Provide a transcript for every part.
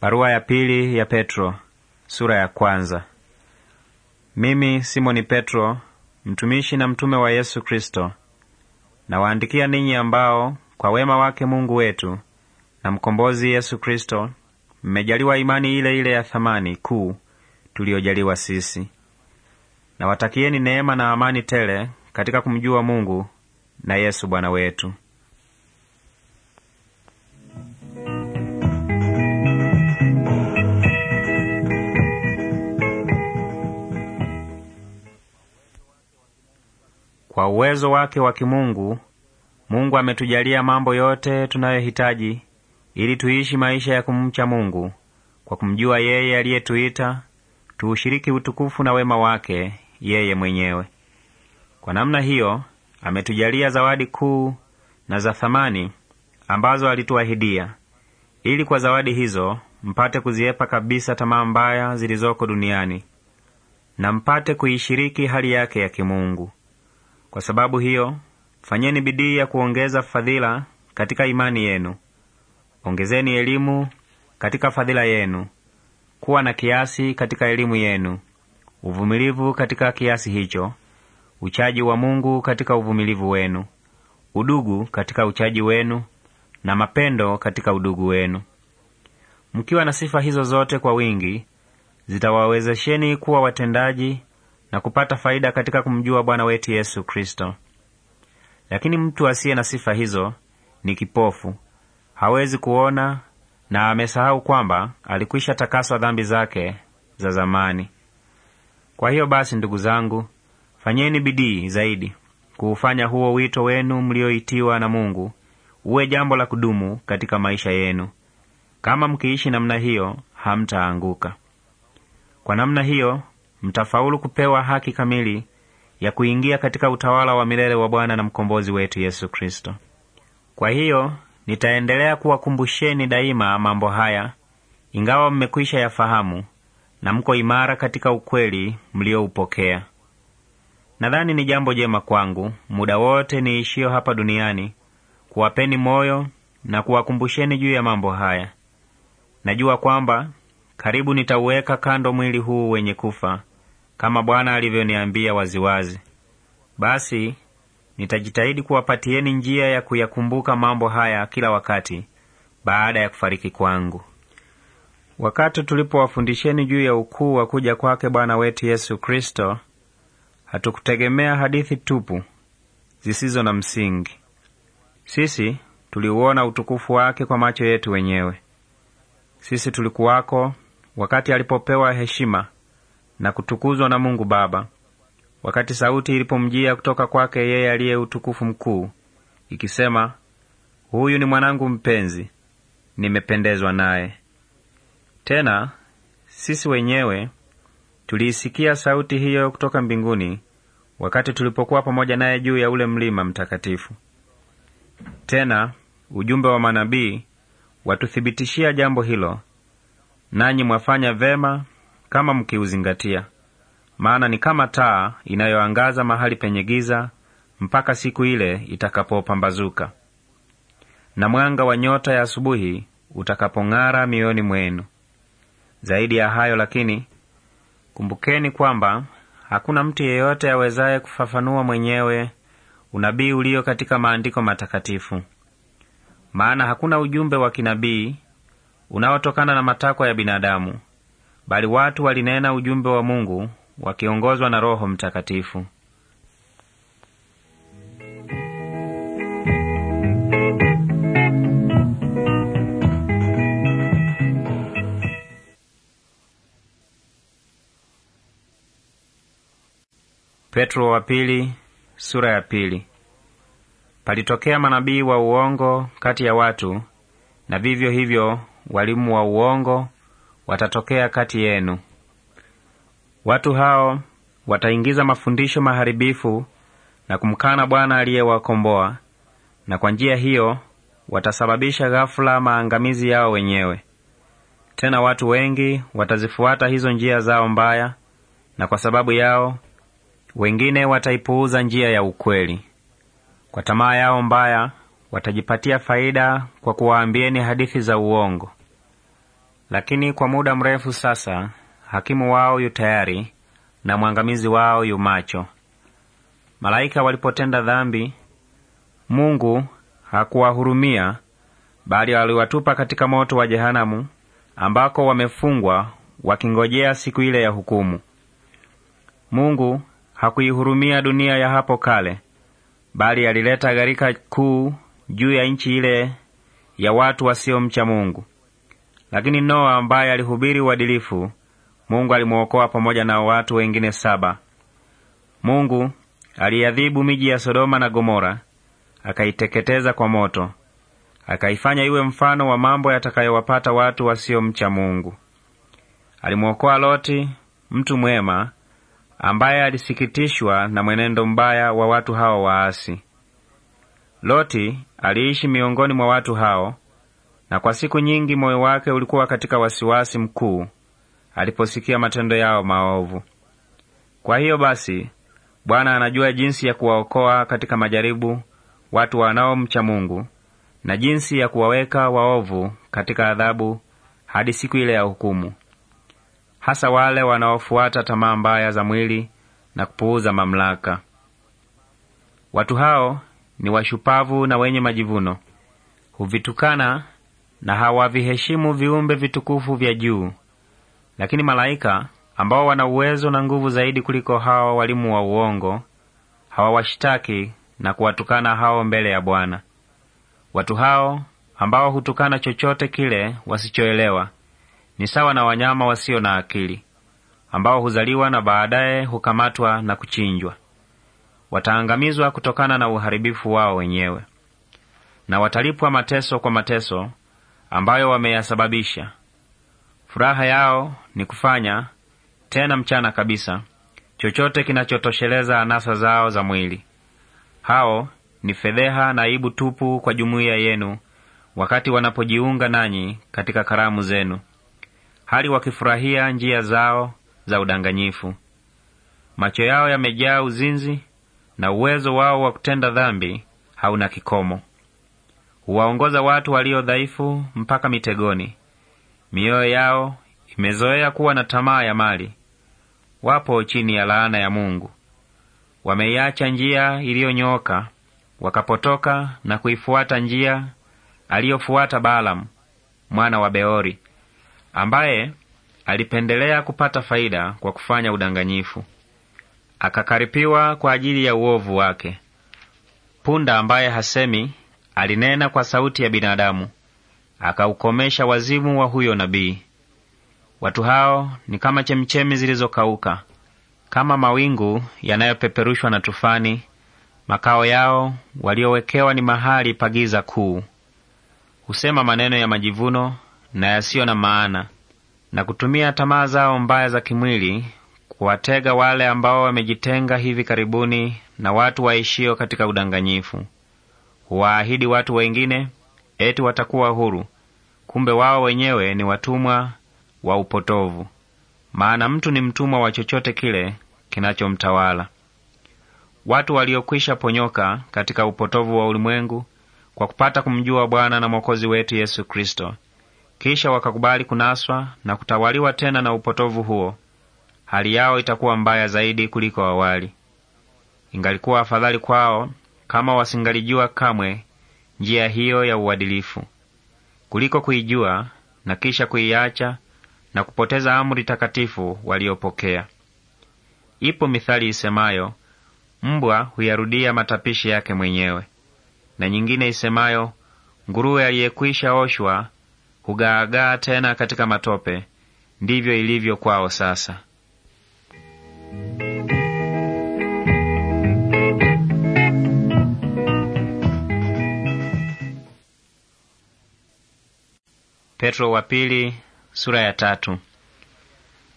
Barua ya pili ya Petro sura ya kwanza. Mimi Simoni Petro, mtumishi na mtume wa Yesu Kristo, nawaandikia ninyi ambao kwa wema wake Mungu wetu na mkombozi Yesu Kristo mmejaliwa imani ile ile ya thamani kuu tuliyojaliwa sisi. Nawatakieni neema na amani tele katika kumjua Mungu na Yesu Bwana wetu. Kwa uwezo wake wa kimungu, Mungu ametujalia mambo yote tunayohitaji ili tuishi maisha ya kumcha Mungu kwa kumjua yeye aliyetuita tuushiriki utukufu na wema wake yeye mwenyewe. Kwa namna hiyo ametujalia zawadi kuu na za thamani ambazo alituahidia, ili kwa zawadi hizo mpate kuziepa kabisa tamaa mbaya zilizoko duniani na mpate kuishiriki hali yake ya kimungu. Kwa sababu hiyo, fanyeni bidii ya kuongeza fadhila katika imani yenu, ongezeni elimu katika fadhila yenu, kuwa na kiasi katika elimu yenu, uvumilivu katika kiasi hicho, uchaji wa Mungu katika uvumilivu wenu, udugu katika uchaji wenu, na mapendo katika udugu wenu. Mkiwa na sifa hizo zote kwa wingi, zitawawezesheni kuwa watendaji na kupata faida katika kumjua Bwana wetu Yesu Kristo. Lakini mtu asiye na sifa hizo ni kipofu, hawezi kuona na amesahau kwamba alikwisha takaswa dhambi zake za zamani. Kwa hiyo basi, ndugu zangu, fanyeni bidii zaidi kuufanya huo wito wenu mlioitiwa na Mungu uwe jambo la kudumu katika maisha yenu. Kama mkiishi namna hiyo, hamtaanguka. Kwa namna hiyo mtafaulu kupewa haki kamili ya kuingia katika utawala wa milele wa Bwana na mkombozi wetu Yesu Kristo. Kwa hiyo nitaendelea kuwakumbusheni daima mambo haya, ingawa mmekwisha yafahamu na mko imara katika ukweli mlioupokea. Nadhani ni jambo jema kwangu muda wote niishiyo hapa duniani kuwapeni moyo na kuwakumbusheni juu ya mambo haya. Najua kwamba karibu nitauweka kando mwili huu wenye kufa kama Bwana alivyoniambia waziwazi. Basi nitajitahidi kuwapatieni njia ya kuyakumbuka mambo haya kila wakati baada ya kufariki kwangu. Wakati tulipowafundisheni juu ya ukuu wa kuja kwake Bwana wetu Yesu Kristo, hatukutegemea hadithi tupu zisizo na msingi. Sisi tuliuona utukufu wake kwa macho yetu wenyewe. Sisi tulikuwako wakati alipopewa heshima na kutukuzwa na Mungu Baba, wakati sauti ilipomjia kutoka kwake yeye aliye utukufu mkuu ikisema, huyu ni mwanangu mpenzi, nimependezwa naye. Tena sisi wenyewe tuliisikia sauti hiyo kutoka mbinguni wakati tulipokuwa pamoja naye juu ya ule mlima mtakatifu. Tena ujumbe wa manabii watuthibitishia jambo hilo, nanyi mwafanya vema kama mkiuzingatia, maana ni kama taa inayoangaza mahali penye giza mpaka siku ile itakapopambazuka na mwanga wa nyota ya asubuhi utakapong'ara mioyoni mwenu. Zaidi ya hayo lakini, kumbukeni kwamba hakuna mtu yeyote awezaye kufafanua mwenyewe unabii ulio katika maandiko matakatifu, maana hakuna ujumbe wa kinabii unaotokana na matakwa ya binadamu, bali watu walinena ujumbe wa Mungu wakiongozwa na Roho Mtakatifu. Petro wa pili, sura ya pili. Palitokea manabii wa uongo kati ya watu na vivyo hivyo walimu wa uongo watatokea kati yenu. Watu hao wataingiza mafundisho maharibifu na kumkana Bwana aliyewakomboa, na kwa njia hiyo watasababisha ghafula maangamizi yao wenyewe. Tena watu wengi watazifuata hizo njia zao mbaya, na kwa sababu yao wengine wataipuuza njia ya ukweli. Kwa tamaa yao mbaya watajipatia faida kwa kuwaambieni hadithi za uongo. Lakini kwa muda mrefu sasa hakimu wao yu tayari na mwangamizi wao yu macho. Malaika walipotenda dhambi, Mungu hakuwahurumia, bali aliwatupa katika moto wa jehanamu, ambako wamefungwa wakingojea siku ile ya hukumu. Mungu hakuihurumia dunia ya hapo kale, bali alileta gharika kuu juu ya nchi ile ya watu wasiomcha Mungu. Lakini Noa ambaye alihubiri uadilifu, Mungu alimwokoa pamoja na watu wengine saba. Mungu aliadhibu miji ya Sodoma na Gomora, akaiteketeza kwa moto, akaifanya iwe mfano wa mambo yatakayowapata watu wasiomcha Mungu. Alimwokoa Loti, mtu mwema, ambaye alisikitishwa na mwenendo mbaya wa watu hao waasi. Loti aliishi miongoni mwa watu hao na kwa siku nyingi moyo wake ulikuwa katika wasiwasi mkuu aliposikia matendo yao maovu. Kwa hiyo basi, Bwana anajua jinsi ya kuwaokoa katika majaribu watu wanaomcha Mungu na jinsi ya kuwaweka waovu katika adhabu hadi siku ile ya hukumu, hasa wale wanaofuata tamaa mbaya za mwili na kupuuza mamlaka. Watu hao ni washupavu na wenye majivuno, huvitukana na hawaviheshimu viumbe vitukufu vya juu. Lakini malaika ambao wana uwezo na nguvu zaidi kuliko hawa walimu wa uongo hawawashitaki na kuwatukana hao mbele ya Bwana. Watu hao ambao hutukana chochote kile wasichoelewa ni sawa na wanyama wasio na akili ambao huzaliwa na baadaye hukamatwa na kuchinjwa. Wataangamizwa kutokana na uharibifu wao wenyewe, na watalipwa mateso kwa mateso ambayo wameyasababisha. Furaha yao ni kufanya tena mchana kabisa chochote kinachotosheleza anasa zao za mwili. Hao ni fedheha na aibu tupu kwa jumuiya yenu wakati wanapojiunga nanyi katika karamu zenu, hali wakifurahia njia zao za udanganyifu. Macho yao yamejaa uzinzi na uwezo wao wa kutenda dhambi hauna kikomo huwaongoza watu walio dhaifu mpaka mitegoni. Mioyo yao imezoea kuwa na tamaa ya mali, wapo chini ya laana ya Mungu. Wameiacha njia iliyonyooka, wakapotoka na kuifuata njia aliyofuata Balamu mwana wa Beori, ambaye alipendelea kupata faida kwa kufanya udanganyifu. Akakaripiwa kwa ajili ya uovu wake. Punda ambaye hasemi alinena kwa sauti ya binadamu, akaukomesha wazimu wa huyo nabii. Watu hao ni kama chemchemi zilizokauka, kama mawingu yanayopeperushwa na tufani. Makao yao waliowekewa ni mahali pa giza kuu. Husema maneno ya majivuno na yasiyo na maana, na kutumia tamaa zao mbaya za kimwili kuwatega wale ambao wamejitenga hivi karibuni na watu waishio katika udanganyifu huwaahidi watu wengine eti watakuwa huru, kumbe wao wenyewe ni watumwa wa upotovu. Maana mtu ni mtumwa wa chochote kile kinachomtawala. Watu waliokwisha ponyoka katika upotovu wa ulimwengu kwa kupata kumjua Bwana na Mwokozi wetu Yesu Kristo, kisha wakakubali kunaswa na kutawaliwa tena na upotovu huo, hali yao itakuwa mbaya zaidi kuliko awali. Ingalikuwa afadhali kwao kama wasingalijua kamwe njia hiyo ya uadilifu, kuliko kuijua na kisha kuiacha na kupoteza amri takatifu waliopokea. Ipo mithali isemayo, mbwa huyarudia matapishi yake mwenyewe, na nyingine isemayo, nguruwe aliyekwisha oshwa hugaagaa tena katika matope. Ndivyo ilivyo kwao sasa. Petro wa pili, sura ya tatu.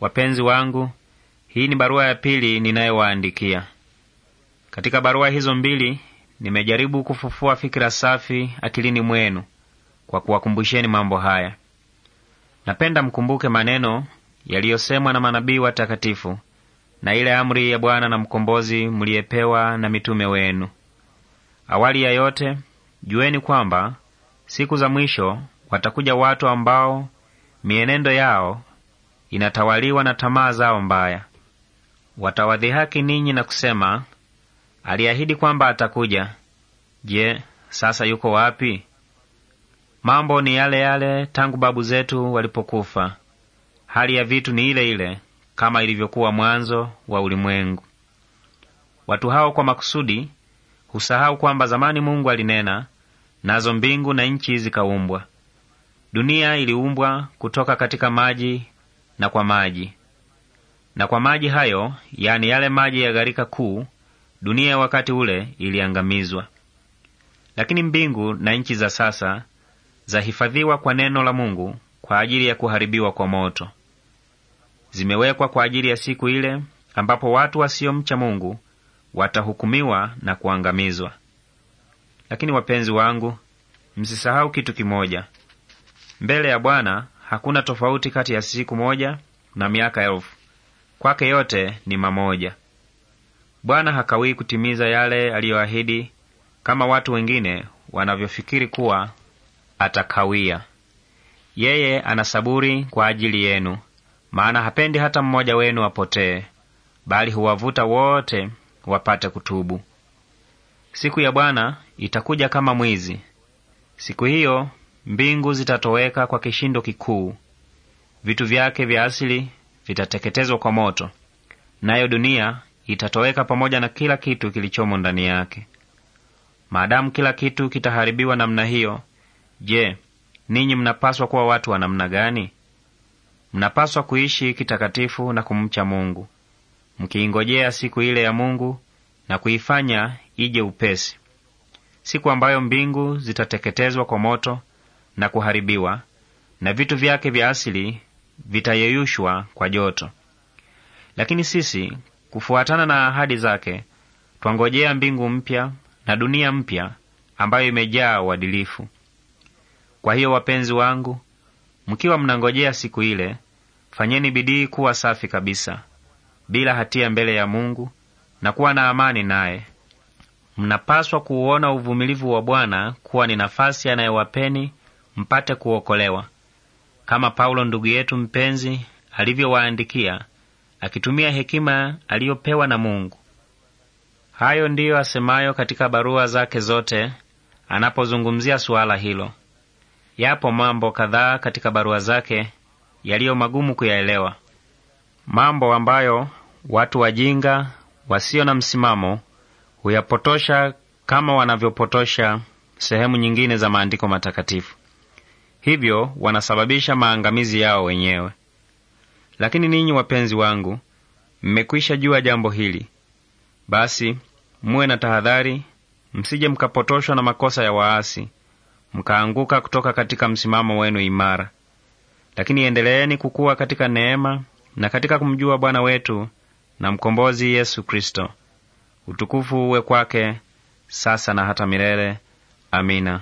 Wapenzi wangu, hii ni barua ya pili ninayowaandikia. Katika barua hizo mbili nimejaribu kufufua fikira safi akilini mwenu kwa kuwakumbusheni mambo haya. Napenda mkumbuke maneno yaliyosemwa na manabii watakatifu na ile amri ya Bwana na mkombozi mliyepewa na mitume wenu. Awali ya yote, jueni kwamba siku za mwisho watakuja watu ambao mienendo yao inatawaliwa na tamaa zao mbaya. Watawadhihaki ninyi na kusema, aliahidi kwamba atakuja. Je, sasa yuko wapi? Mambo ni yale yale tangu babu zetu walipokufa. Hali ya vitu ni ile ile kama ilivyokuwa mwanzo wa ulimwengu. Watu hao kwa makusudi husahau kwamba zamani Mungu alinena, nazo mbingu na nchi zikaumbwa. Dunia iliumbwa kutoka katika maji na kwa maji, na kwa maji hayo, yani yale maji ya gharika kuu, dunia wakati ule iliangamizwa. Lakini mbingu na nchi za sasa zahifadhiwa kwa neno la Mungu kwa ajili ya kuharibiwa kwa moto, zimewekwa kwa ajili ya siku ile ambapo watu wasiomcha Mungu watahukumiwa na kuangamizwa. Lakini wapenzi wangu, msisahau kitu kimoja. Mbele ya Bwana hakuna tofauti kati ya siku moja na miaka elfu, kwake yote ni mamoja. Bwana hakawii kutimiza yale aliyoahidi, kama watu wengine wanavyofikiri kuwa atakawia. Yeye ana saburi kwa ajili yenu, maana hapendi hata mmoja wenu apotee, bali huwavuta wote wapate kutubu. Siku ya Bwana itakuja kama mwizi. Siku hiyo Mbingu zitatoweka kwa kishindo kikuu, vitu vyake vya asili vitateketezwa kwa moto, nayo dunia itatoweka pamoja na kila kitu kilichomo ndani yake. Maadamu kila kitu kitaharibiwa namna hiyo, je, ninyi mnapaswa kuwa watu wa namna gani? Mnapaswa kuishi kitakatifu na kumcha Mungu, mkiingojea siku ile ya Mungu na kuifanya ije upesi, siku ambayo mbingu zitateketezwa kwa moto na kuharibiwa, na vitu vyake vya asili vitayeyushwa kwa joto. Lakini sisi, kufuatana na ahadi zake, twangojea mbingu mpya na dunia mpya ambayo imejaa uadilifu. Kwa hiyo, wapenzi wangu, mkiwa mnangojea siku ile, fanyeni bidii kuwa safi kabisa, bila hatia mbele ya Mungu na kuwa na amani naye. Mnapaswa kuuona uvumilivu wa Bwana kuwa ni nafasi anayewapeni mpate kuokolewa, kama Paulo ndugu yetu mpenzi alivyowaandikia akitumia hekima aliyopewa na Mungu. Hayo ndiyo asemayo katika barua zake zote anapozungumzia suala hilo. Yapo mambo kadhaa katika barua zake yaliyo magumu kuyaelewa, mambo ambayo watu wajinga wasio na msimamo huyapotosha kama wanavyopotosha sehemu nyingine za maandiko matakatifu hivyo wanasababisha maangamizi yao wenyewe. Lakini ninyi wapenzi wangu, mmekwisha jua jambo hili, basi muwe na tahadhari, msije mkapotoshwa na makosa ya waasi, mkaanguka kutoka katika msimamo wenu imara. Lakini endeleeni kukuwa katika neema na katika kumjua Bwana wetu na mkombozi Yesu Kristo. Utukufu uwe kwake sasa na hata milele. Amina.